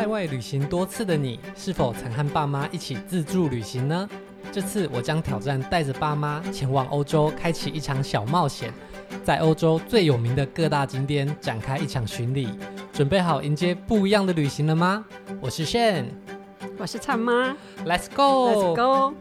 在外旅行多次的你，是否曾和爸媽一起自助旅行呢？這次我將挑戰帶着爸媽前往歐洲，開啟一場小冒險，在歐洲最有名的各大景點展開一場巡禮。準備好迎接不一樣的旅行了嗎？我是 sheng，我是蔡媽，Let's go，Let's go。's go!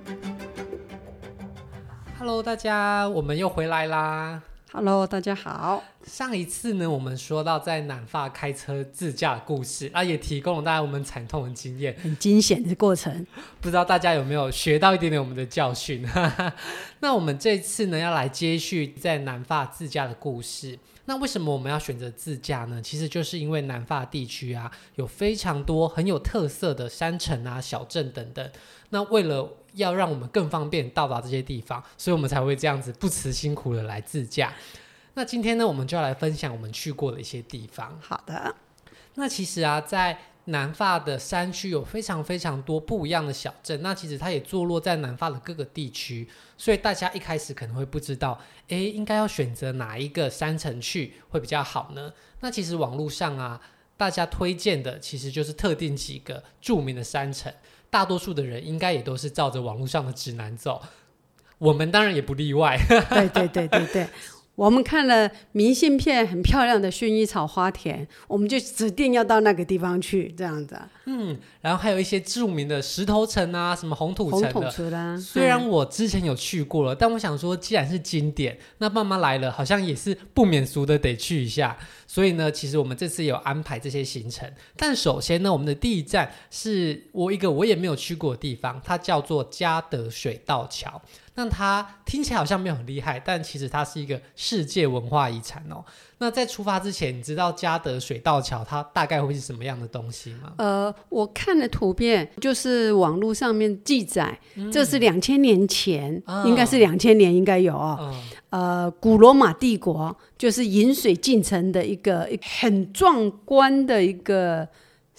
Hello，大家，我們又回來啦。Hello，大家好。上一次呢，我們說到在南法開車自駕的故事啊，也提供了大家我們慘痛的經驗，很驚險的過程。不知道大家有沒有學到一點點我們的教訓哈哈？那我們這次呢，要來接續在南法自駕的故事。那為什麼我們要選擇自駕呢？其實就是因為南法地區啊，有非常多很有特色的山城啊、小鎮等等。那為了要讓我們更方便到達這些地方，所以我們才會這樣子不辭辛苦的來自駕。那今天呢，我們就要來分享我們去過的一些地方。好的，那其實啊，在南法的山區有非常非常多不一樣的小鎮。那其實它也坐落在南法的各個地區，所以大家一開始可能會不知道，誒，應該要選擇哪一個山城去會比較好呢？那其實網絡上啊，大家推薦的其實就是特定幾個著名的山城，大多數的人應該也都是照着網絡上的指南走。我們當然也不例外。對對對對對。 我們看了明信片很漂亮的薰衣草花田，我們就指定要到那個地方去，這樣子。嗯，然後還有一些著名的石頭城啊，什麼紅土城的。紅土城啊。雖然我之前有去過了，嗯、但我想說，既然是經典，那爸媽來了，好像也是不免俗的得去一下。所以呢，其實我們這次有安排這些行程。但首先呢，我們的第一站是我一個我也沒有去過的地方，它叫做嘉德水道橋。那它聽起來好像沒有很厲害，但其實它是一個世界文化遺產哦。那在出發之前，你知道嘉德水道橋它大概會是什麼樣的東西嗎？呃，我看了圖片，就是網絡上面記載，嗯、這是兩千年前，哦、應該是兩千年，應該有啊、哦。哦、呃，古羅馬帝國就是引水進城的一個，很壯觀的一個。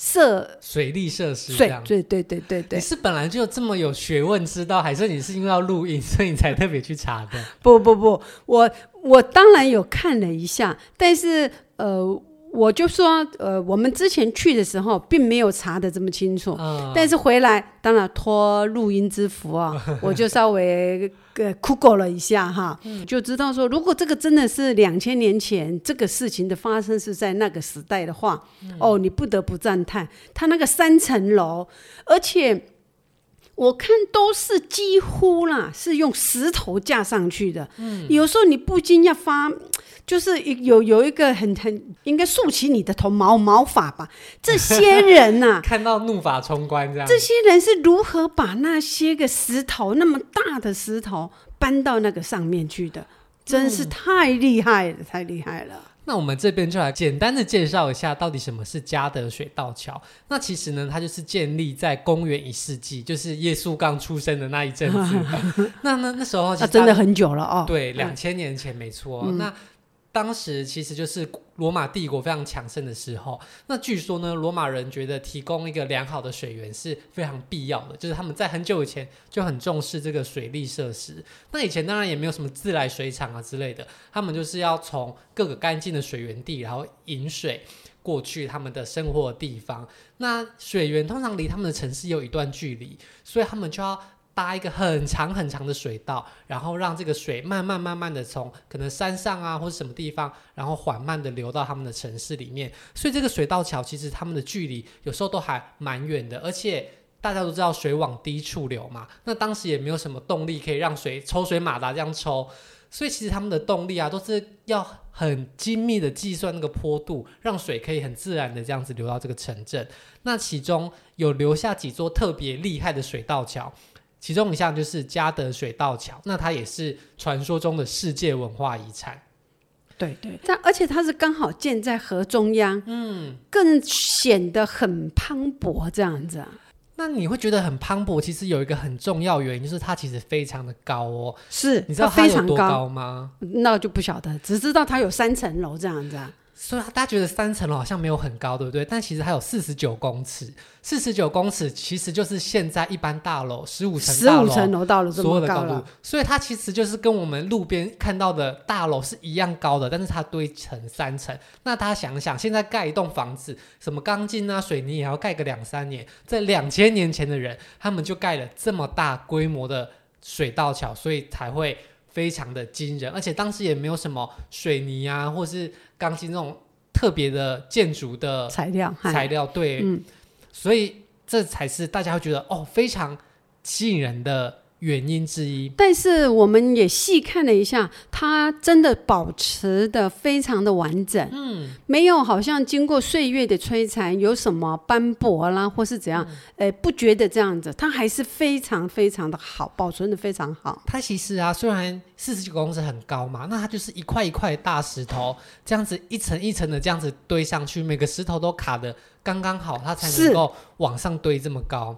設色水利設施，對對，對對對對對，你是本來就這麼有學問知道，還是你是因為要錄音，所以你才特別去查的？ 不不不，我我當然有看了一下，但是呃，我就說呃，我們之前去的時候並沒有查的這麼清楚，嗯、但是回來當然托錄音之福啊、哦， 我就稍微。對，g o 了一下哈，嗯、就知道說，如果這個真的是兩千年前這個事情的發生是在那個時代的話，嗯、哦，你不得不讚嘆他那個三層樓，而且。我看都是幾乎啦，是用石頭架上去的。嗯，有時候你不禁要發，就是有有一個很很應該豎起你的頭毛毛髮吧。這些人吶、啊， 看到怒髮衝冠這樣。這些人是如何把那些個石頭那麼大的石頭搬到那個上面去的？真是太厲害了，嗯、太厲害了。那我們這邊就來簡單的介紹一下，到底什麼是嘉德水道橋？那其實呢，它就是建立在公元一世紀，就是耶穌剛出生的那一陣子。 那那那時候，那真的很久了哦。對，兩千年前沒錯。嗯、那。當時其實就是羅馬帝國非常強盛的時候，那據說呢，羅馬人覺得提供一個良好的水源是非常必要的，就是他們在很久以前就很重視這個水利設施。那以前當然也沒有什麼自來水廠啊之類的，他們就是要從各個乾淨的水源地，然後引水過去他們的生活的地方。那水源通常離他們的城市有一段距離，所以他們就要，搭一個很長很長的水道，然後讓這個水慢慢慢慢的從可能山上啊或者什麼地方，然後緩慢的流到他們的城市裡面。所以這個水道橋其實他們的距離有時候都還蠻遠的，而且大家都知道水往低處流嘛，那當時也沒有什麼動力可以讓水抽水馬達這樣抽，所以其實他們的動力啊都是要很精密的計算那個坡度，讓水可以很自然的這樣子流到這個城鎮。那其中有留下幾座特別厲害的水道橋。其中一項就是嘉德水道橋，那它也是傳說中的世界文化遺產。對，對對，但而且它是剛好建在河中央，嗯，更顯得很磅礴這樣子啊。那你會覺得很磅礴，其實有一個很重要原因，就是它其實非常的高哦。是，你知道它有多高嗎？高，那就不曉得，只知道它有三層樓這樣子啊。所以大家覺得三層樓好像沒有很高，對不對？但其實它有四十九公尺，四十九公尺其實就是現在一般大樓十五層、十五層樓大樓這麼高的高度。所以它其實就是跟我們路邊看到的大樓是一樣高的，但是它堆成三層。那大家想想，現在蓋一棟房子，什麼鋼筋啊、水泥也要蓋個兩三年，在兩千年前的人，他們就蓋了這麼大規模的水道橋，所以才會。非常的驚人，而且當時也沒有什麼水泥啊，或是鋼筋這種特別的建築的材料材料，對，嗯。所以這才是大家會覺得哦，非常吸引人的原因之一，但是我們也細看了一下，它真的保持得非常的完整，嗯，沒有好像經過歲月的摧殘，有什麼斑駁啦，或是怎樣，嗯、誒，不覺得這樣子，它還是非常非常的好，保存得非常好。它其實啊，雖然四十九公尺很高嘛，那它就是一塊一塊大石頭，這樣子一層一層的這樣子堆上去，每個石頭都卡得剛剛好，它才能夠往上堆這麼高。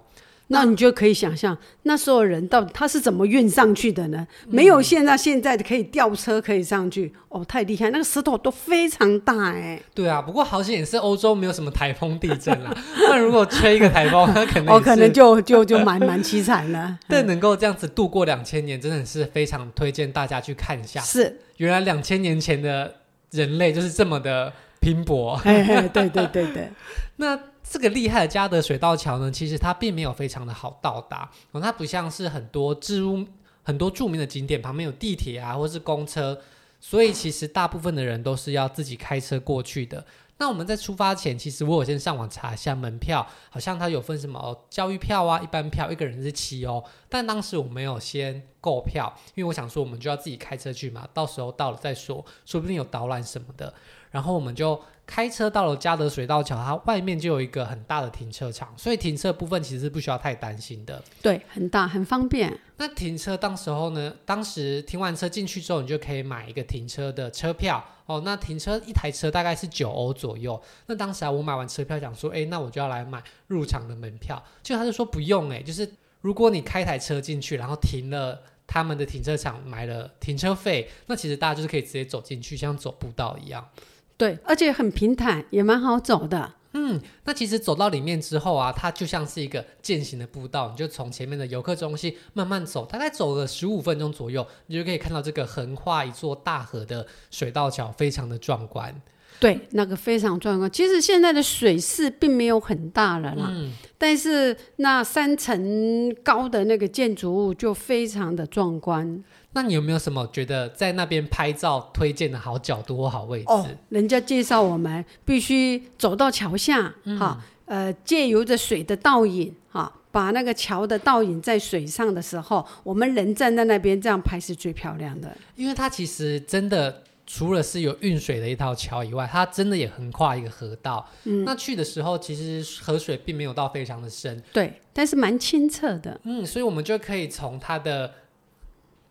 那,那你就可以想象那時候人到底他是怎麼運上去的呢？沒有現在、嗯、現在的可以吊車可以上去哦，太厲害！那個石頭都非常大哎、欸。對啊，不過好險也是歐洲，沒有什麼台風地震啊。 那如果吹一個台風，那可能可能就就就蠻蠻淒慘了。 但能夠這樣子度過兩千年，真的是非常推薦大家去看一下。是，原來兩千年前的人類就是這麼的拼搏。 對對對對，那。這個厲害的嘉德水道橋呢，其實它並沒有非常的好到達哦，它不像是很多知名、很多著名的景點旁邊有地鐵啊，或是公車，所以其實大部分的人都是要自己開車過去的。那我們在出發前，其實我有先上網查一下門票，好像它有分什麼、哦、教育票啊、一般票、一個人是七歐。但當時我沒有先購票，因為我想說我們就要自己開車去嘛，到時候到了再說，說不定有導覽什麼的。然後我們就。開車到了嘉德水道橋，它外面就有一個很大的停車場，所以停車部分其實是不需要太擔心的。對，很大，很方便。那停車當時候呢？當時停完車進去之後，你就可以買一個停車的車票哦。那停車一台車大概是九歐左右。那當時我買完車票，想說，誒，那我就要來買入場的門票。結果他就說不用、欸，誒。就是如果你開台車進去，然後停了他們的停車場，買了停車費，那其實大家就是可以直接走進去，像走步道一樣。對，而且很平坦，也蠻好走的。嗯，那其實走到裡面之後啊，它就像是一個健行的步道，你就從前面的遊客中心慢慢走，大概走了十五分鐘左右，你就可以看到這個橫跨一座大河的水道橋，非常的壯觀。對，那個非常壯觀。其實現在的水勢並沒有很大了啦，嗯、但是那三層高的那個建築物就非常的壯觀。那你有沒有什麼覺得在那邊拍照推薦的好角度或好位置？哦，oh, 人家介紹我們必須走到橋下，嗯、哈，呃，借由着水的倒影，哈，把那個橋的倒影在水上的時候，我們人站在那邊這樣拍是最漂亮的。因為它其實真的。除了是有運水的一條橋以外，它真的也橫跨一個河道。嗯，那去的時候其實河水並沒有到非常的深，對，但是蠻清澈的。嗯，所以我們就可以從它的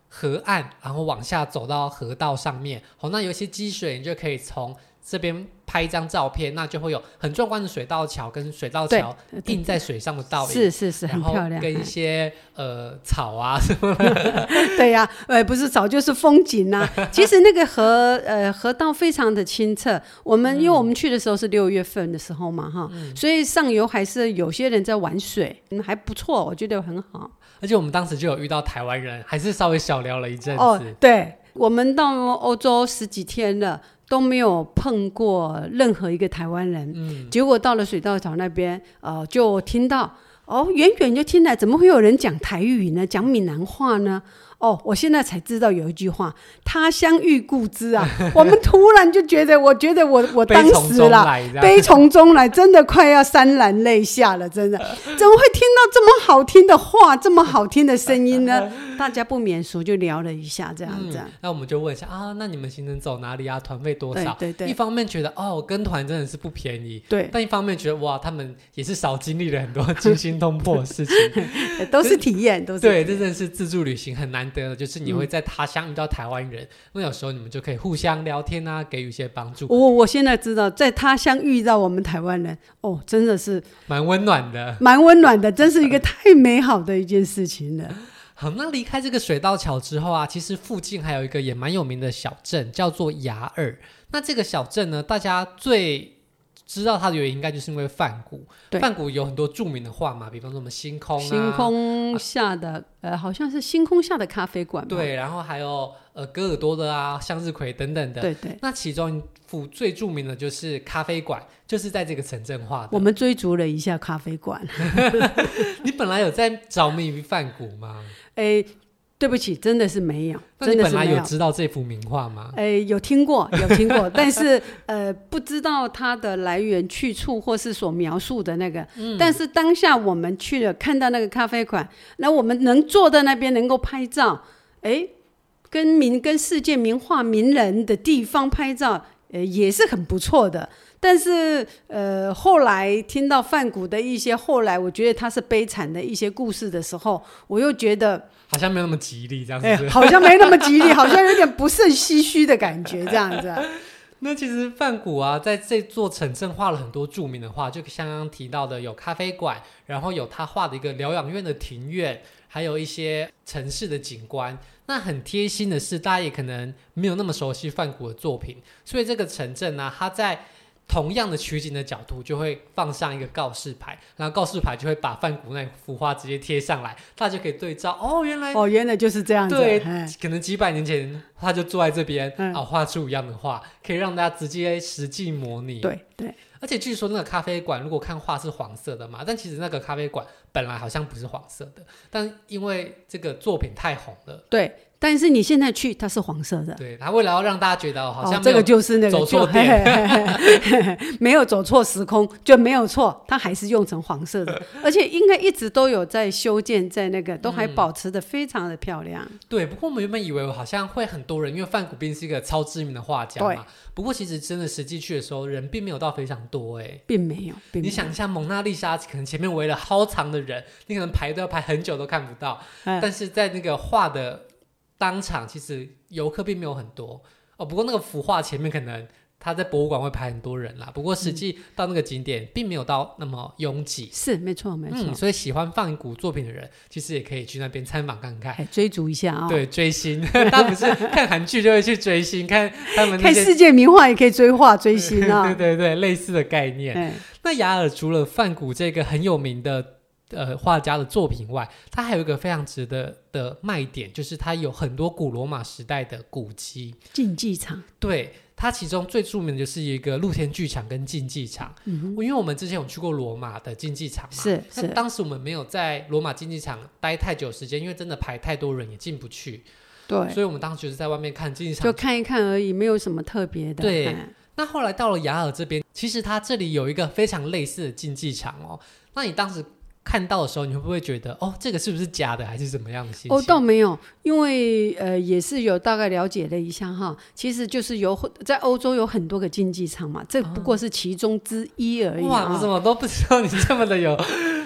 河岸，然後往下走到河道上面。好，那有一些積水，你就可以從。這邊拍一張照片，那就會有很壯觀的水道橋跟水道橋映在水上的倒影，是是是，很漂亮。跟一些、哎、呃草啊什麼， 對呀、啊，哎、呃、不是草就是風景啊 其實那個河呃河道非常的清澈，我們、嗯、因為我們去的時候是六月份的時候嘛哈，嗯、所以上游還是有些人在玩水，嗯、還不錯，我覺得很好。而且我們當時就有遇到台灣人，還是稍微小聊了一陣子。哦、對，我們到歐洲十幾天了，都沒有碰過任何一個台灣人，嗯，結果到了水道橋那邊，呃，就聽到，哦，遠遠就聽到，怎麼會有人講台語呢？講閩南話呢？哦，我現在才知道有一句話“他鄉遇故知”啊， 我們突然就覺得，我覺得我我當時啦，悲從，悲從中來，真的快要潸然淚下了，真的， 怎麼會聽到這麼好聽的話，這麼好聽的聲音呢？ 大家不免俗就聊了一下，這樣子、嗯，那我們就問一下啊，那你們行程走哪裡啊？團費多少？對，對對。一方面覺得哦，跟團真的是不便宜，對。但一方面覺得哇，他們也是少經歷了很多驚心動魄的事情， 都是體驗，就是、都是。對，這真的是自助旅行很難。對，就是你會在他鄉遇到台灣人，嗯、那有時候你們就可以互相聊天啊，給予一些幫助。我我現在知道，在他鄉遇到我們台灣人，哦，真的是蠻溫暖的，蠻溫暖的，真是一個太美好的一件事情了。 好，那離開這個水道橋之後啊，其實附近還有一個也蠻有名的小鎮，叫做亞爾。那這個小鎮呢，大家最。知道它的原因，應該就是因為梵谷。梵谷對有很多著名的畫嘛，比方說什麼星空、啊、星空下的、啊、呃，好像是星空下的咖啡館。對，然後還有呃，戈爾多的啊，向日葵等等的。對對。那其中一幅最著名的就是咖啡館，就是在這個城鎮畫的。我們追逐了一下咖啡館。 你本來有在著迷於梵谷嗎？誒。對不起，真的是沒有。真的，是沒有知道這幅名畫嗎？呃，有聽過，有聽過， 但是呃，不知道它的來源去處或是所描述的那個。嗯，但是當下我們去了，看到那個咖啡館，那我們能坐在那邊能夠拍照，哎，呃，跟名跟世界名畫名人的地方拍照，呃，也是很不錯的。但是，呃，後來聽到梵谷的一些後來，我覺得他是悲慘的一些故事的時候，我又覺得好像沒有那麼吉利這樣子，是是、欸，好像沒那麼吉利， 好像有點不勝唏噓的感覺這樣子。 那其實梵谷啊，在這座城鎮畫了很多著名的畫，就剛剛提到的有咖啡館，然後有他畫的一個療養院的庭院，還有一些城市的景觀。那很貼心的是，大家也可能沒有那麼熟悉梵谷的作品，所以這個城鎮呢、啊，它在。同樣的取景的角度，就會放上一個告示牌，然後告示牌就會把梵谷那幅畫直接貼上來，大家就可以對照哦，原來哦，原來就是這樣子，對，嗯、可能幾百年前他就坐在這邊啊、哦，畫出一樣的畫，嗯、可以讓大家直接實際模擬，對對，對而且據說那個咖啡館如果看畫是黃色的嘛，但其實那個咖啡館本來好像不是黃色的，但因為這個作品太紅了，對。但是你現在去，它是黃色的。對，他為了讓大家覺得好像、哦、這個就是那個走錯店，沒有走錯時空就沒有錯，它還是用成黃色的， 而且應該一直都有在修建，在那個都還保持得非常的漂亮，嗯。對，不過我們原本以為我好像會很多人，因為梵谷斌是一個超知名的畫家嘛。對。不過其實真的實際去的時候，人並沒有到非常多哎，並沒有。你想一下，蒙娜麗莎可能前面圍了好長的人，你可能排都要排很久都看不到。嗯、但是在那個畫的。當場其實遊客並沒有很多哦，不過那個幅畫前面可能他在博物館會排很多人啦。不過實際到那個景點並沒有到那麼擁擠，嗯、是沒錯沒錯、嗯。所以喜歡梵谷作品的人，其實也可以去那邊參訪看看，追逐一下啊。對，追星，但對不是看韓劇就會去追星， 看他們看世界名畫也可以追畫追星啊。 對,對對對，類似的概念。對那亞爾除了梵谷這個很有名的。呃，畫家的作品外，它還有一個非常值得的的賣點，就是它有很多古羅馬時代的古蹟，競技場。對，它其中最著名的就是一個露天劇場跟競技場。嗯哼，因為我們之前有去過羅馬的競技場嘛，是，是，是當時我們沒有在羅馬競技場待太久時間，因為真的排太多人也進不去。對，所以我們當時就是在外面看競技場，就看一看而已，沒有什麼特別的。對，啊，那後來到了亞爾這邊，其實它這裡有一個非常類似的競技場哦。那你當時。看到的時候，你會不會覺得哦，這個是不是假的，還是怎麼樣的心情？哦，倒沒有，因為呃，也是有大概了解了一下哈，其實就是有在歐洲有很多個競技場嘛，這不過是其中之一而已。啊哦。哇，我怎麼都不知道你這麼的有。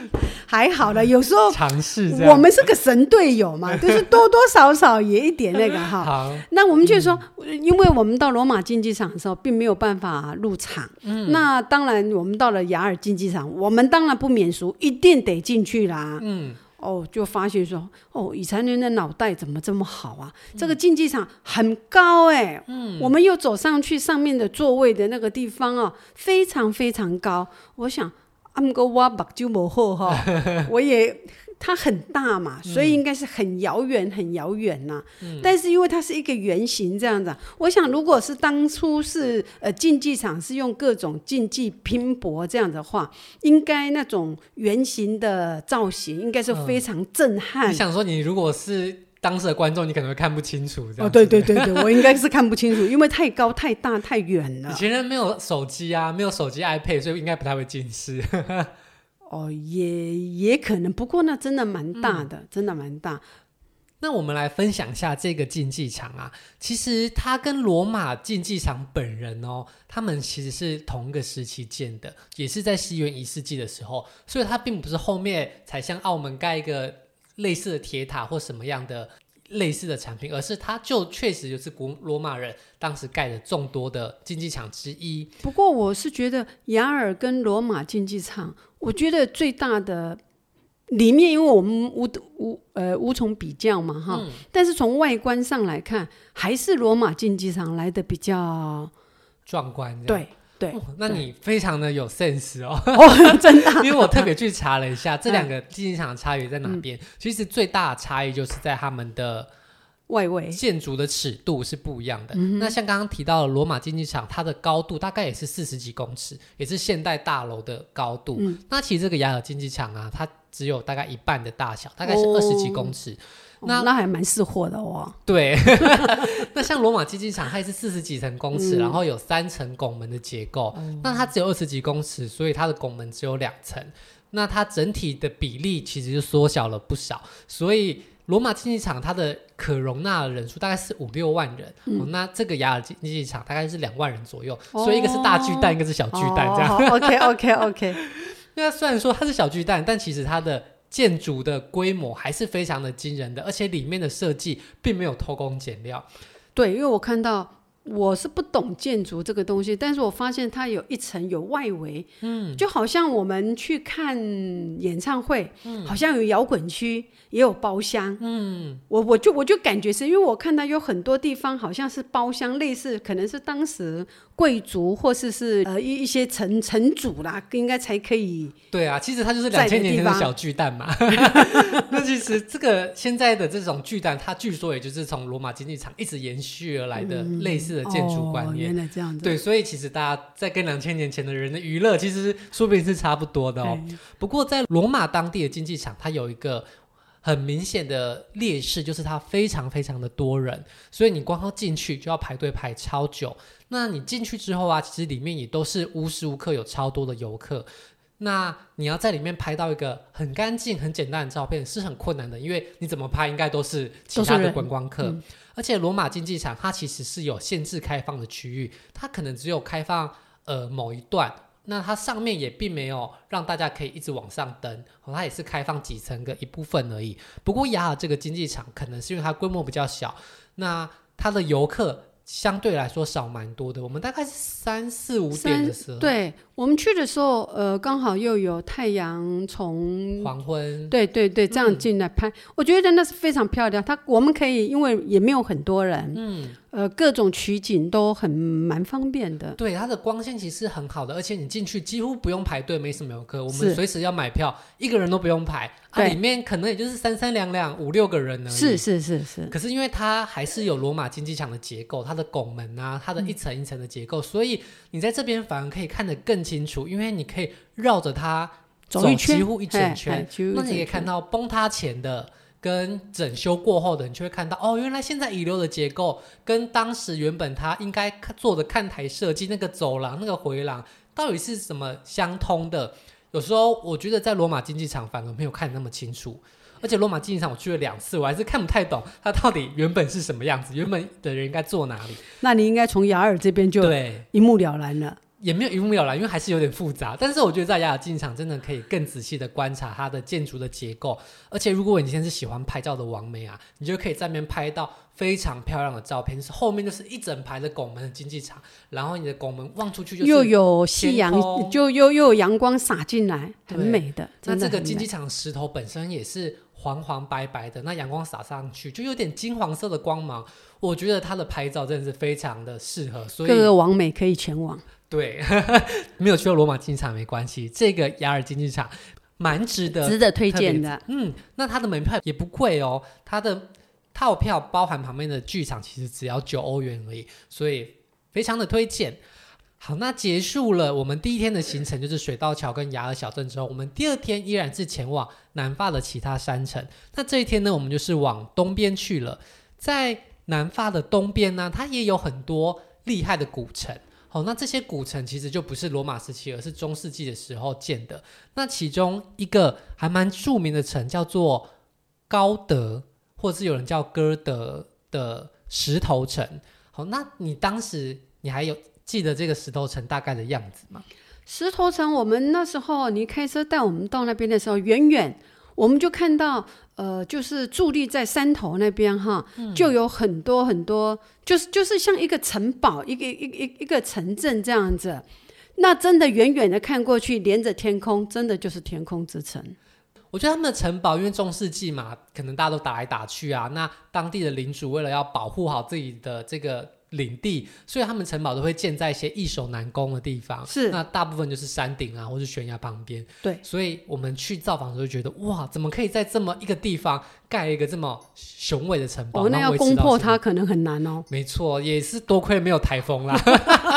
還好了，有時候、嗯、我們是個神隊友嘛，就是多多少少也一點那個哈。 好，好那我們就說，嗯、因為我們到羅馬競技場的時候，並沒有辦法入場。嗯、那當然，我們到了亞爾競技場，嗯、我們當然不免俗，一定得進去啦。嗯，哦，就發現說，哦，以前人的腦袋怎麼這麼好啊？嗯、這個競技場很高哎、欸。嗯，我們又走上去上面的座位的那個地方啊、哦，非常非常高。我想。阿姆哥，我目睭冇好哈、哦， 我也它很大嘛，所以應該是很遙遠，很遙遠吶、啊。嗯、但是因為它是一個圓形這樣子。嗯、我想如果是當初是呃競技場是用各種競技拼搏這樣的話，應該那種圓形的造型應該是非常震撼。我、嗯、想說你如果是當時的觀眾，你可能會看不清楚這樣。哦，對對對對， 我應該是看不清楚，因為太高、太大、太遠了。以前人沒有手機啊，沒有手機、iPad，所以應該不太會近視。 哦，也也可能，不過那真的蠻大的，嗯、真的蠻大。那我們來分享一下這個競技場啊，其實它跟羅馬競技場本人哦，他們其實是同一個時期建的，也是在西元一世紀的時候，所以它並不是後面才像澳門蓋一個。類似的鐵塔或什麼樣的類似的產品，而是它就確實就是古羅馬人當時蓋的眾多的競技場之一。不過我是覺得亞爾跟羅馬競技場，我覺得最大的裡面，因為我們無無呃無從比較嘛哈，嗯，但是從外觀上來看，還是羅馬競技場來的比較壯觀。對。對、哦，那你非常的有 sense 哦，對 因為我特別去查了一下、哦真的啊、這兩個競技場的差異在哪邊，嗯、其實最大的差異就是在他們的外圍建築的尺度是不一樣的。位那像剛剛提到的羅馬競技場，它的高度大概也是四十幾公尺，也是現代大樓的高度。嗯、那其實這個亞爾競技場啊，它只有大概一半的大小，大概是二十幾公尺。哦那那還蠻適合的哦。對， 那像羅馬競技場，它也是四十幾層公尺，嗯、然後有三層拱門的結構。嗯、那它只有二十幾公尺，所以它的拱門只有兩層。那它整體的比例其實就縮小了不少，所以羅馬競技場它的可容納人數大概是五六萬人。嗯哦、那這個亞爾競技場大概是兩萬人左右，哦、所以一個是大巨蛋，哦、一個是小巨蛋、哦、這樣。 OK OK OK。那雖然說它是小巨蛋，但其實它的。建築的規模還是非常的驚人的，而且裡面的設計並沒有偷工減料。對，因為我看到，我是不懂建築這個東西，但是我發現它有一層有外圍，嗯，就好像我們去看演唱會，嗯，好像有搖滾區，也有包廂，嗯，我我就我就感覺是因為我看到有很多地方好像是包廂，類似可能是當時。貴族或是是呃一一些城城主啦，應該才可以。對啊，其實他就是兩千年前的小巨蛋嘛。 那其實這個現在的這種巨蛋，它據說也就是從羅馬競技場一直延續而來的類似的建築觀念、嗯哦。原來這樣子。對，所以其實大家在跟兩千年前的人的娛樂，其實說不定是差不多的哦。哎、不過在羅馬當地的競技場，它有一個。很明顯的劣勢就是它非常非常的多人，所以你光要進去就要排隊排超久。那你進去之後啊，其實裡面也都是無時無刻有超多的遊客。那你要在裡面拍到一個很乾淨、很簡單的照片是很困難的，因為你怎麼拍應該都是其他的觀光客。而且羅馬競技場它其實是有限制開放的區域，它可能只有開放呃某一段。那它上面也並沒有讓大家可以一直往上登，哦，它也是開放幾層的一部分而已。不過亞爾這個競技場可能是因為它規模比較小，那它的遊客相對來說少蠻多的。我們大概是三四五點的時候，對，我們去的時候，呃，剛好又有太陽從黃昏，對對對，這樣進來拍，嗯、我覺得那是非常漂亮。它我們可以因為也沒有很多人，嗯。呃，各種取景都很蠻方便的。對，它的光線其實很好的，而且你進去幾乎不用排隊，沒什麼遊客。是我們隨時要買票，一個人都不用排。它對、啊、裡面可能也就是三三兩兩、五六個人呢。是是是是。是可是因為它還是有羅馬競技場的結構，它的拱門啊，它的一層一層的結構，嗯、所以你在這邊反而可以看得更清楚，因為你可以繞着它走幾乎一整圈，那你可以看到崩塌前的。跟整修過後的你就會看到哦，原來現在遺留的結構跟當時原本他應該做的看台設計，那個走廊、那個回廊到底是什麼相通的。有時候我覺得在羅馬競技場反而沒有看那麼清楚，而且羅馬競技場我去了兩次，我還是看不太懂它到底原本是什麼樣子，原本的人應該坐哪裡？那你應該從亞爾這邊就對一目了然了。也沒有一目了然，因為還是有點複雜。但是我覺得在亞爾競技場，真的可以更仔細的觀察它的建築的結構，而且如果你現在是喜歡拍照的網美啊，你就可以在那邊拍到非常漂亮的照片。是後面就是一整排的拱門的競技場，然後你的拱門望出去就是又有夕陽，就又又有陽光灑進來，很對美的。真的很美。那這個競技場石頭本身也是黃黃白白的，那陽光灑上去就有點金黃色的光芒。我覺得它的拍照真的是非常的適合，所以各個網美可以前往。對呵呵，沒有去過羅馬競技場沒關係，這個亞爾競技場蠻值得值得推薦的。嗯，那它的門票也不貴哦，它的套票包含旁邊的劇場，其實只要九歐元而已，所以非常的推薦。好，那結束了我們第一天的行程，就是水道橋跟亞爾小鎮之後，我們第二天依然是前往南法的其他山城。那這一天呢，我們就是往東邊去了，在南法的東邊呢，它也有很多厲害的古城。好、哦，那這些古城其實就不是羅馬時期，而是中世紀的時候建的。那其中一個還蠻著名的城叫做高德，或者是有人叫哥德的石頭城。好、哦，那你當時你還有記得這個石頭城大概的樣子嗎？石頭城，我們那時候你開車帶我們到那邊的時候，遠遠我們就看到，呃，就是佇立在山頭那邊哈，嗯、就有很多很多，就是就是像一個城堡，一個一一個一個城鎮這樣子，那真的遠遠的看過去，連着天空，真的就是天空之城。我覺得他們的城堡，因為中世紀嘛，可能大家都打來打去啊。那當地的領主為了要保護好自己的這個領地，所以他們城堡都會建在一些易守難攻的地方。是，那大部分就是山頂啊，或者懸崖旁邊。對，所以我們去造訪的時候覺得，哇，怎麼可以在這麼一個地方蓋一個這麼雄偉的城堡？哦，那要攻破它可能很難哦。沒錯，也是多虧沒有台風啦。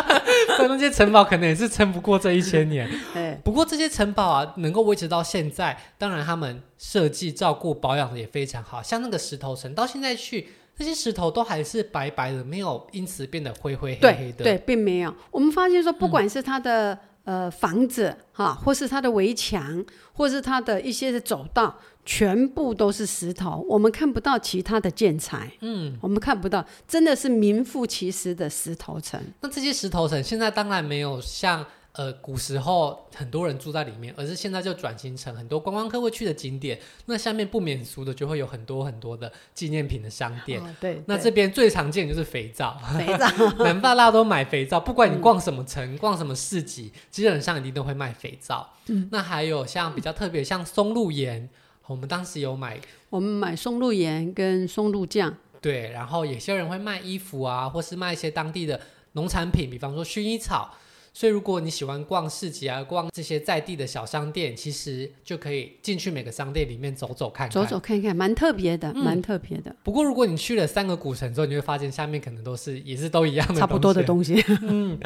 但那些城堡可能也是撐不過這一千年。 對不過這些城堡啊，能夠維持到現在，當然他們設計、照顧、保養的也非常好。像那個石頭城，到現在去，那些石頭都還是白白的，沒有因此變得灰灰黑黑、黑的。對，對，並沒有。我們發現說，不管是它的、嗯。呃，房子哈，啊，或是它的圍牆，或是它的一些的走道，全部都是石頭，我們看不到其他的建材，嗯，我們看不到，真的是名副其實的石頭城。那這些石頭城現在當然沒有像。呃，古時候很多人住在裡面，而是現在就轉型成很多觀光客會去的景點。那下面不免俗的，就會有很多很多的紀念品的商店。哦、對對那這邊最常見就是肥皂，肥皂， 南法拉都買肥皂，不管你逛什麼城，嗯、逛什麼市集，基本上一定都會賣肥皂。嗯，那還有像比較特別，像松露鹽，我們當時有買，我們買松露鹽跟松露醬。對，然後有些人會賣衣服啊，或是賣一些當地的農產品，比方說薰衣草。所以，如果你喜歡逛市集啊，逛這些在地的小商店，其實就可以進去每個商店裡面走走看看。走走看看，蠻特別的，嗯、蠻特別的。不過，如果你去了三個古城之後，你會發現下面可能都是也是都一樣的。差不多的東西。 嗯。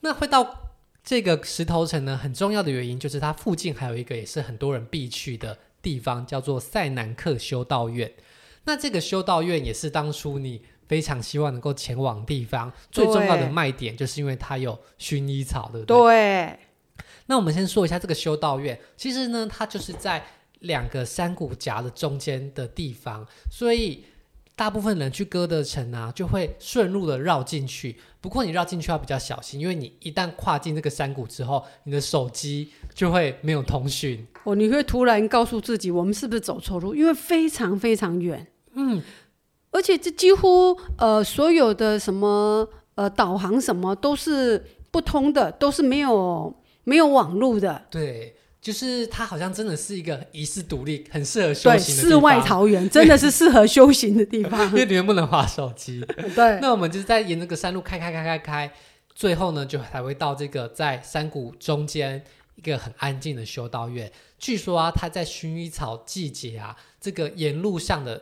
那回到這個石頭城呢？很重要的原因就是它附近還有一個也是很多人必去的地方，叫做塞南克修道院。那這個修道院也是當初你。非常希望能夠前往地方。對最重要的賣點就是因為它有薰衣草的，不對？對。那我們先說一下這個修道院，其實呢，它就是在兩個山谷夾的中間的地方，所以大部分人去歌德城呢，啊、就會順路的繞進去。不過你繞進去要比較小心，因為你一旦跨進這個山谷之後，你的手機就會沒有通訊。哦，你會突然告訴自己，我們是不是走錯路？因為非常非常遠。嗯。而且這幾乎呃所有的什麼呃導航什麼都是不通的，都是沒有沒有網路的。對，就是它好像真的是一個遺世獨立，很適合修行的。對，世外桃源真的是適合修行的地方，因為，因為你們不能滑手機。 對，那我們就是在沿那個山路開開開開開，最後呢就還會到這個在山谷中間一個很安靜的修道院。據說啊，它在薰衣草季節啊，這個沿路上的。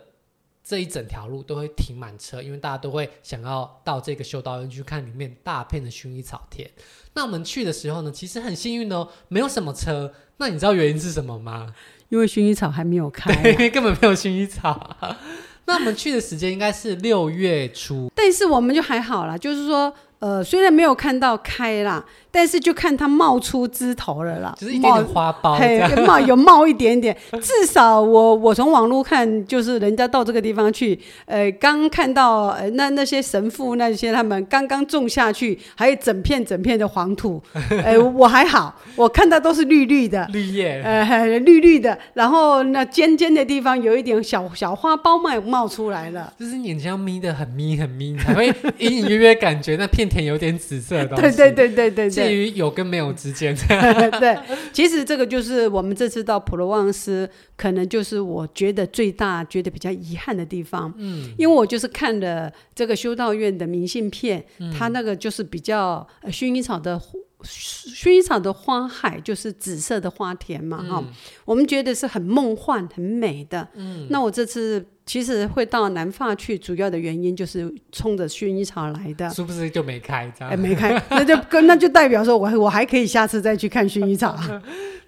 這一整條路都會停滿車，因為大家都會想要到這個修道院去看裡面大片的薰衣草田。那我們去的時候呢，其實很幸運哦，沒有什麼車。那你知道原因是什麼嗎？因為薰衣草還沒有開，因為根本沒有薰衣草。 那我們去的時間應該是六月初，但是我們就還好啦，就是說。呃，雖然沒有看到開啦，但是就看它冒出枝頭了啦，就是一點點花苞，冒嗯、嘿，冒有冒一點點。 至少我我從網絡看，就是人家到這個地方去，呃，剛看到、呃、那那些神父那些他們剛剛種下去，還有整片整片的黃土。哎、呃，我還好，我看到都是綠綠的，綠葉，呃，綠綠的。然後那尖尖的地方有一點小小花苞冒冒出來了，就是眼睛要眯得很眯很眯，才會隱隱約約感覺那片。有點紫色的，對，對對對對對。介於有跟沒有之間， 對，其實這個就是我們這次到普羅旺斯，可能就是我覺得最大覺得比較遺憾的地方。嗯，因為我就是看了這個修道院的明信片，嗯、它那個就是比較薰衣草的薰衣草的花海，就是紫色的花田嘛，哈、嗯哦。我們覺得是很夢幻、很美的。嗯，那我這次。其實會到南法去，主要的原因就是衝着薰衣草來的。是不是就沒開？哎，沒開，那就跟 那就代表說我還我還可以下次再去看薰衣草。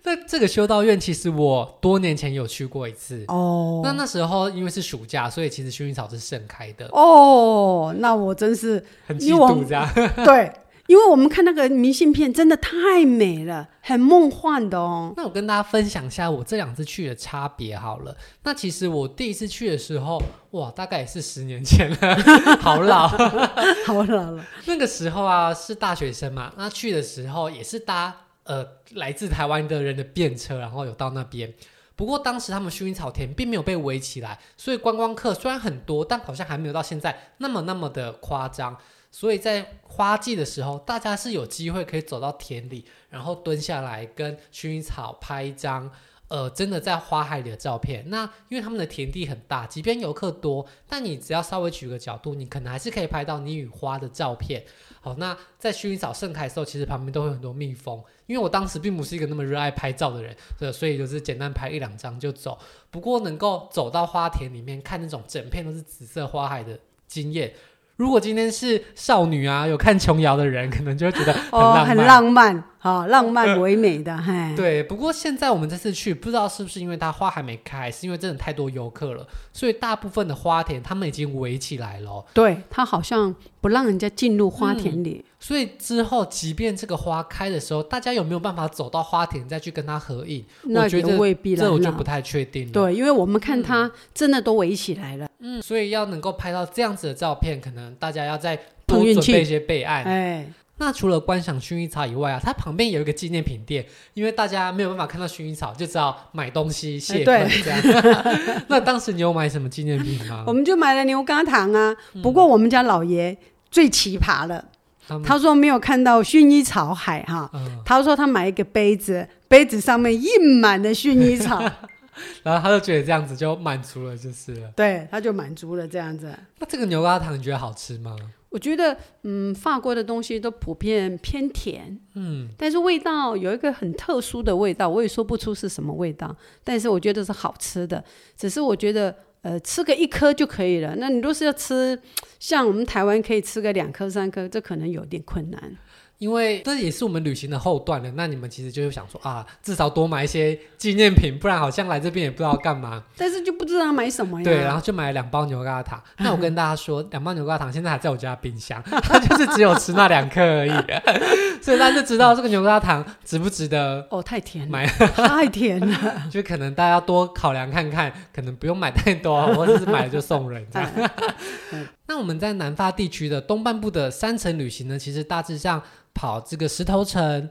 這個修道院其實我多年前有去過一次。哦。那那時候因為是暑假，所以其實薰衣草是盛開的。哦，那我真是很嫉妒啊！對。因為我們看那個明信片真的太美了，很夢幻的哦。那我跟大家分享一下我這兩次去的差別好了。那其實我第一次去的時候，哇，大概也是十年前了， 好老， 好老了。那個時候啊，是大學生嘛，那去的時候也是搭呃來自台灣的人的便車，然後有到那邊。不過當時他們薰衣草田並沒有被圍起來，所以觀光客雖然很多，但好像還沒有到現在那麼那麼的誇張。所以在花季的時候，大家是有機會可以走到田裡，然後蹲下來跟薰衣草拍一張，呃，真的在花海裡的照片。那因為他們的田地很大，即便遊客多，但你只要稍微舉個角度，你可能還是可以拍到你與花的照片。好，那在薰衣草盛開的時候，其實旁邊都會有很多蜜蜂。因為我當時並不是一個那麼熱愛拍照的人，所以就是簡單拍一兩張就走。不過能夠走到花田裡面看那種整片都是紫色花海的經驗。如果今天是少女啊，有看瓊瑤的人，可能就會覺得很浪漫。哦好、哦，浪漫唯美的，嗨、嗯。嘿對，不過現在我們這次去，不知道是不是因為它花還沒開，是因為真的太多遊客了，所以大部分的花田他們已經圍起來了、哦。對，他好像不讓人家進入花田裡。嗯、所以之後，即便這個花開的時候，大家有沒有辦法走到花田再去跟他合影？那我覺得未必了，這我就不太確定了。對，因為我們看他真的都圍起來了，嗯，嗯，所以要能夠拍到這樣子的照片，可能大家要再多準備一些備案，哎。那除了觀賞薰衣草以外啊，它旁邊有一個紀念品店，因為大家沒有辦法看到薰衣草，就只好買東西洩憤這樣。哎、 那當時你有買什麼紀念品嗎？ 我們就買了牛軋糖啊。不過我們家老爺最奇葩了，嗯、他說沒有看到薰衣草海哈、啊，嗯、他說他買一個杯子，杯子上面印滿了薰衣草， 然後他就覺得這樣子就滿足了，就是了。對，他就滿足了這樣子。那這個牛軋糖你覺得好吃嗎？我覺得，嗯，法國的東西都普遍偏甜，嗯，但是味道有一個很特殊的味道，我也說不出是什麼味道，但是我覺得是好吃的。只是我覺得，呃，吃個一顆就可以了。那你若是要吃，像我們台灣可以吃個兩顆三顆，這可能有點困難。因為這也是我們旅行的後段了，那你們其實就是想說啊，至少多買一些紀念品，不然好像來這邊也不知道幹嘛。但是就不知道買什麼呀。對，然後就買了兩包牛軋糖。嗯、那我跟大家說，兩包牛軋糖現在還在我家冰箱，他、嗯、就是只有吃那兩顆而已， 所以大家就知道這個牛軋糖值不值得。哦，太甜，買 太甜了，就可能大家多考量看看，可能不用買太多，或者是買了就送人這樣。嗯嗯那我們在南法地區的東半部的山城旅行呢，其實大致上跑這個石頭城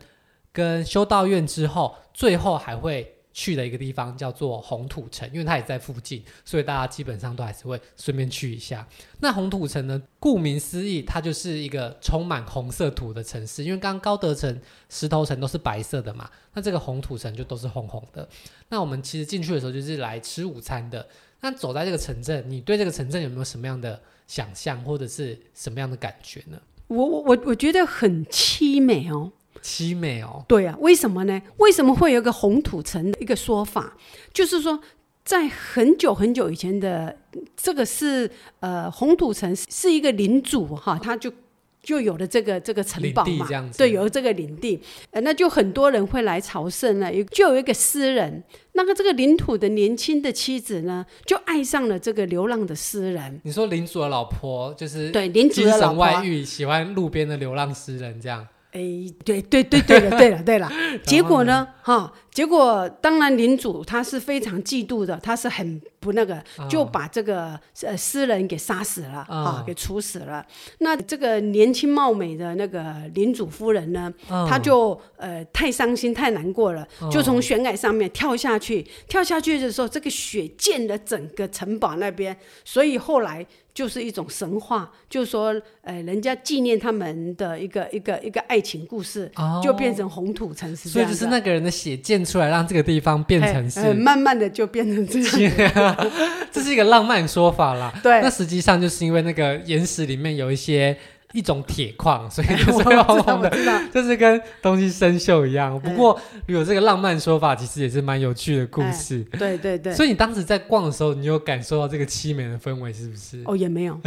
跟修道院之後，最後還會去的一個地方叫做紅土城，因為它也在附近，所以大家基本上都還是會順便去一下。那紅土城呢，顧名思義，它就是一個充滿紅色土的城市，因為剛剛高德城、石頭城都是白色的嘛，那這個紅土城就都是紅紅的。那我們其實進去的時候就是來吃午餐的。那走在這個城鎮，你對這個城鎮有沒有什麼樣的？想象或者是什麼樣的感覺呢？我我我我覺得很淒美哦，淒美哦，對啊，為什麼呢？為什麼會有一個紅土城的一個說法？就是說，在很久很久以前的這個是呃紅土城是是一個領主哈，他就。就有了這個這個城堡嘛，對，有了這個領地，呃，那就很多人會來朝聖了。有就有一個詩人，那個這個領土的年輕的妻子呢，就愛上了這個流浪的詩人。你說領主的老婆就是對，精神外遇，喜歡路邊的流浪詩人這樣。哎，對對對對了，對了對了， 對了結果呢，嗯，哈。結果當然，領主他是非常嫉妒的，他是很不那個，oh. 就把這個呃詩人給殺死了，oh. 啊，給處死了。那這個年輕貌美的那個領主夫人呢，她，oh. 就呃太傷心太難過了，就從懸崖上面跳下去，oh. 跳下去的時候，這個血濺了整個城堡那邊，所以後來就是一種神話，就是，說呃人家紀念他們的一個一個一個愛情故事，oh. 就變成紅土城市。所以只是那個人的血濺出來讓這個地方變成是 Hey，呃，慢慢的就變成這樣， 這是一個浪漫說法啦。 對，那實際上就是因為那個岩石裡面有一些。一種鐵礦，所以就是黃黃的，欸、 就是跟東西生鏽一樣。不過有、欸、這個浪漫說法，其實也是蠻有趣的故事。欸、對對對。所以你當時在逛的時候，你有感受到這個淒美的氛圍是不是？哦，也沒有。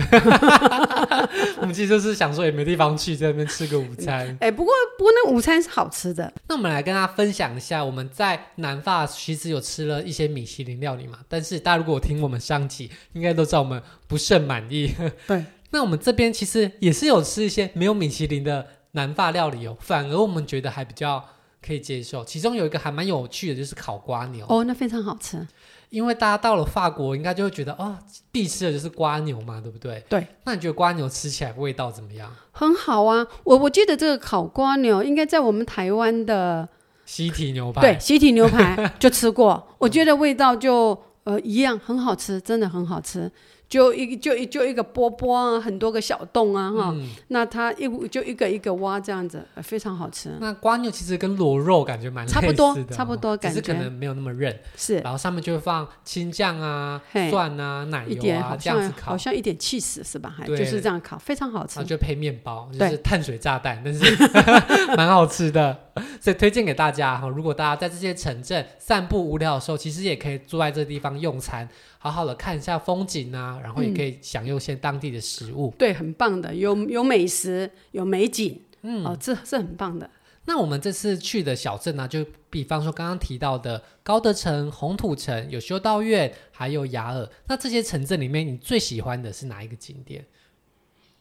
我們其實就是想說，也沒地方去，在那邊吃個午餐。哎、欸，不過不過那午餐是好吃的。那我們來跟大家分享一下，我們在南法其實有吃了一些米其林料理嘛。但是大家如果聽我們上集，應該都知道我們不甚滿意。 對。那我們這邊其實也是有吃一些沒有米其林的南法料理哦，反而我們覺得還比較可以接受。其中有一個還蠻有趣的，就是烤蝸牛，哦，那非常好吃。因為大家到了法國，應該就會覺得哦，必吃的就是蝸牛嘛，對不對？對。那你覺得蝸牛吃起來味道怎麼樣？很好啊，我我記得這個烤蝸牛應該在我們台灣的西堤牛排。對，西堤牛排就吃過， 我覺得味道就呃一樣，很好吃，真的很好吃。就一就一就一個波波啊，很多個小洞啊哈，那它一就一個一個挖這樣子，非常好吃。那蝸牛其實跟螺肉感覺蠻差不多，差不多，感覺可能沒有那麼韌。是，然後上面就放青醬啊、蒜啊、奶油啊這樣子烤，好像一點起司是吧？還。就是這樣烤，非常好吃。就配麵包，就是碳水炸彈，但是蠻好吃的。所以推薦給大家哈，如果大家在這些城鎮散步無聊的時候，其實也可以坐在這地方用餐，好好的看一下風景啊，然後也可以享用一些當地的食物。嗯、對，很棒的，有有美食，有美景，嗯，哦，這是很棒的。那我們這次去的小鎮呢、啊，就比方說剛剛提到的高德城、紅土城，有修道院，還有雅爾。那這些城鎮裡面，你最喜歡的是哪一個景點？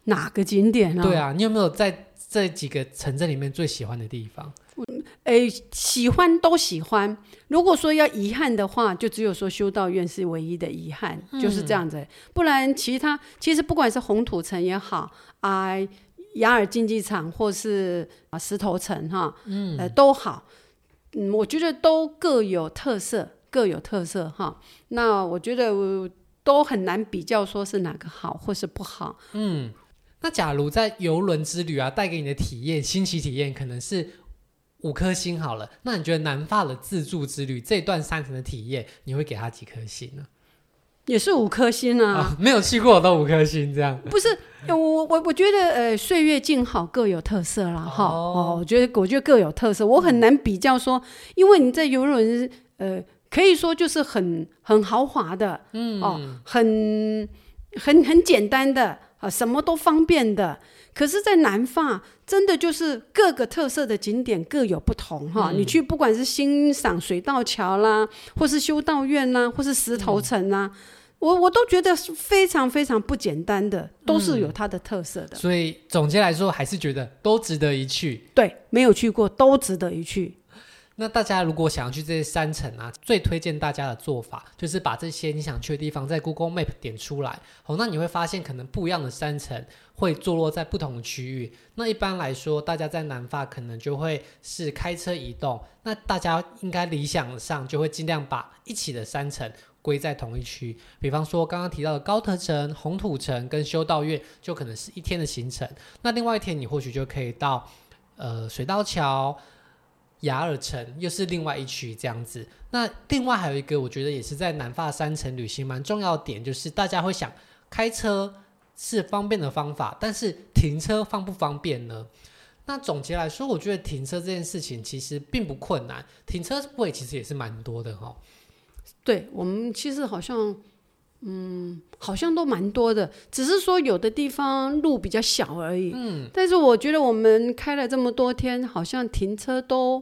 哪個景點呢、啊？對啊，你有沒有在這幾個城鎮裡面最喜歡的地方？誒、欸，喜歡都喜歡。如果說要遺憾的話，就只有說修道院是唯一的遺憾，嗯、就是這樣子。不然，其他其實不管是紅土城也好，啊亞爾競技場或是啊石頭城哈，嗯，呃都好，嗯，我覺得都各有特色，各有特色哈。那我覺得都很難比較，說是哪個好或是不好。嗯，那假如在遊輪之旅啊，帶給你的體驗，新奇體驗可能是。五顆星好了，那你覺得南法的自助之旅這段三天的體驗，你會給他幾顆星呢？也是五顆星啊，哦、沒有去過我都五顆星這樣。嗯、不是，我我我覺得呃，歲月靜好各有特色啦，哈哦，哦，我覺得我覺得各有特色，我很難比較說，嗯、因為你在遊輪呃，可以說就是很很豪華的，嗯哦，很很很簡單的。啊，什麼都方便的，可是，在南法真的就是各個特色的景點各有不同哈。嗯、你去不管是欣賞水道橋啦，或是修道院啦，或是石頭城啦，嗯、我我都覺得非常非常不簡單的，都是有它的特色的。嗯、所以總結來說，還是覺得都值得一去。對，沒有去過都值得一去。那大家如果想要去這些山城啊，最推薦大家的做法就是把這些你想去的地方在 Google Map 點出來。好，那你會發現可能不一樣的山城會坐落在不同的區域。那一般來說，大家在南法可能就會是開車移動。那大家應該理想上就會儘量把一起的山城歸在同一區。比方說剛剛提到的高特城、紅土城跟修道院，就可能是一天的行程。那另外一天你或許就可以到，呃，水道橋。雅爾城又是另外一區這樣子。那另外還有一個，我覺得也是在南法山城旅行蠻重要的點，就是大家會想開車是方便的方法，但是停車方不方便呢？那總結來說，我覺得停車這件事情其實並不困難，停車位其實也是蠻多的哈、喔。對我們其實好像，嗯，好像都蠻多的，只是說有的地方路比較小而已。嗯，但是我覺得我們開了這麼多天，好像停車都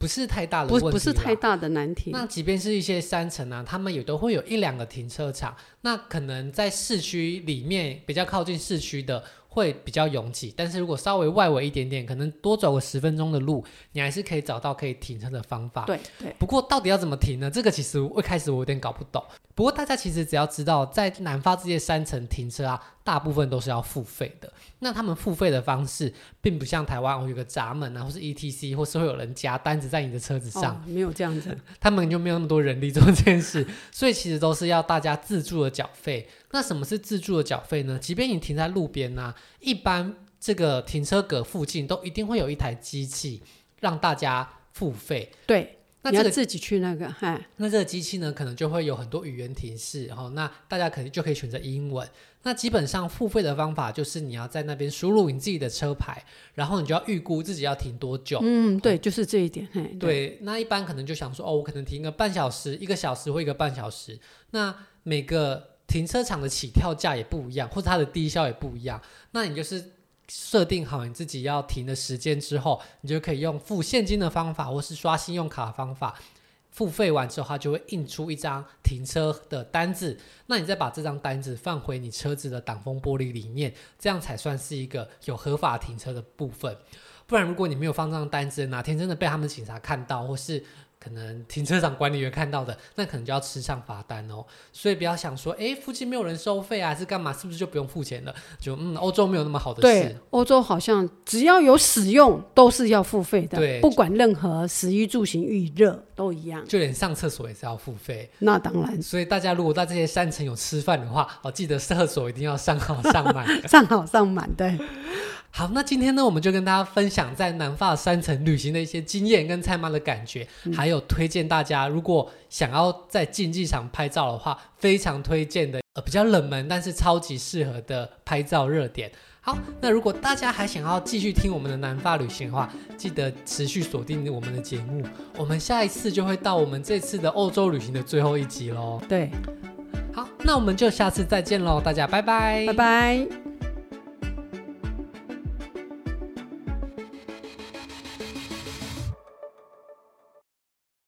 不是太大的問題不，不是太大的難題。那即便是一些山城啊，他們也都會有一兩個停車場。那可能在市區裡面比較靠近市區的會比較擁擠，但是如果稍微外圍一點點，可能多走個十分鐘的路，你還是可以找到可以停車的方法。對對。對不過到底要怎麼停呢？這個其實一開始我有點搞不懂。不過大家其實只要知道，在南法這些山城停車啊。大部分都是要付費的，那他們付費的方式，並不像台灣，我有一個閘門啊，或是 ETC，或是會有人夾單子在你的車子上，哦、沒有這樣子，他們就沒有那麼多人力做這件事，所以其實都是要大家自助的繳費。 那什麼是自助的繳費呢？即便你停在路邊啊，一般這個停車格附近都一定會有一台機器讓大家付費。對。那、這個、你要自己去那個，嗨，那這個機器呢，可能就會有很多語言提示，哈、哦，那大家可能就可以選擇英文。那基本上付費的方法就是你要在那邊輸入你自己的車牌，然後你就要預估自己要停多久。嗯，對，哦、就是這一點。嘿對，對那一般可能就想說，哦，我可能停個半小時、一個小時或一個半小時。那每個停車場的起跳價也不一樣，或者它的低消也不一樣。那你就是。設定好你自己要停的時間之後，你就可以用付現金的方法，或是刷信用卡的方法付費完之後，它就會印出一張停車的單子。那你再把這張單子放回你車子的擋風玻璃裡面，這樣才算是一個有合法停車的部分。不然，如果你沒有放這張單子，哪天真的被他們警察看到，或是。可能停車場管理員看到的，那可能就要吃上罰單哦。所以不要想說，哎，附近沒有人收費啊，還是幹嘛？是不是就不用付錢了？就嗯，歐洲沒有那麼好的事。對，歐洲好像只要有使用都是要付費的，對不管任何食衣住行育樂都一樣，就連上廁所也是要付費。那當然。所以大家如果在這些山城有吃飯的話，哦，記得廁所一定要上好上滿， 上好上滿，對。好，那今天呢，我們就跟大家分享在南法山城旅行的一些經驗跟蔡媽的感覺，還有推薦大家如果想要在競技場拍照的話，非常推薦的呃比較冷門但是超級適合的拍照熱點。好，那如果大家還想要繼續聽我們的南法旅行的話，記得持續鎖定我們的節目，我們下一次就會到我們這次的歐洲旅行的最後一集嘍。對，好，那我們就下次再見嘍，大家拜拜，拜拜。